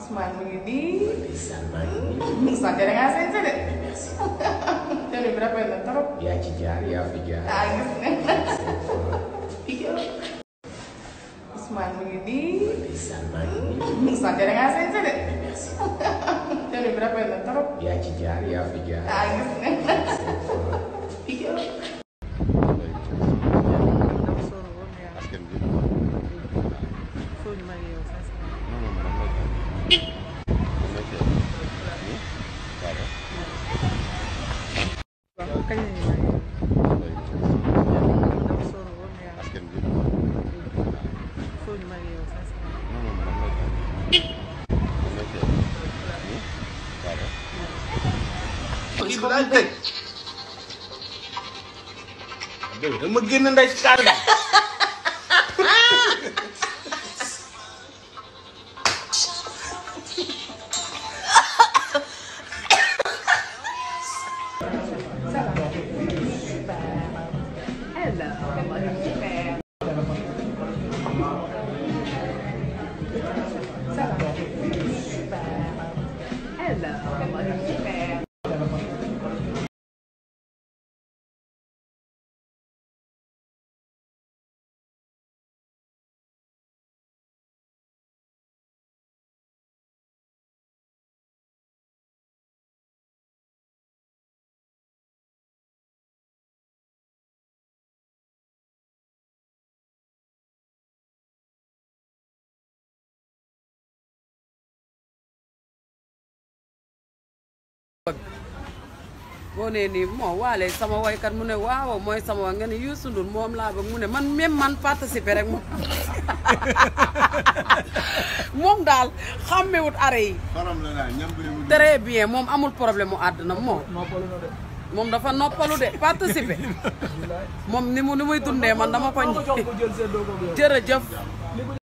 Ousmane mu ngi nii. sant da ngaa seet de. merci. télé bi rafet na trop. yaa ci jaar yaa fi jaar. ah gis ne. Ousmane mu ngi nii. sant da ngaa seet de. merci. télé bi rafet na trop. ci jaar yaa fi kañ la ñuy bàyyi. dama sonn woon na yàlla. foo ñu mag yow sax. da ma génn ndey si kaar bi. Hello. bëgg boo nee nii moo waalee sama woykat mu ne waaw mooy sama wa nga ne Youssou Ndour moom laa bëgg mu ne man même man participer rek moom moom daal xàmmewut are yi très bien moom amul problème mu àdduna moom moom dafa noppalu de participer moom ni mu ni muy dundee man dama ko jërëjëf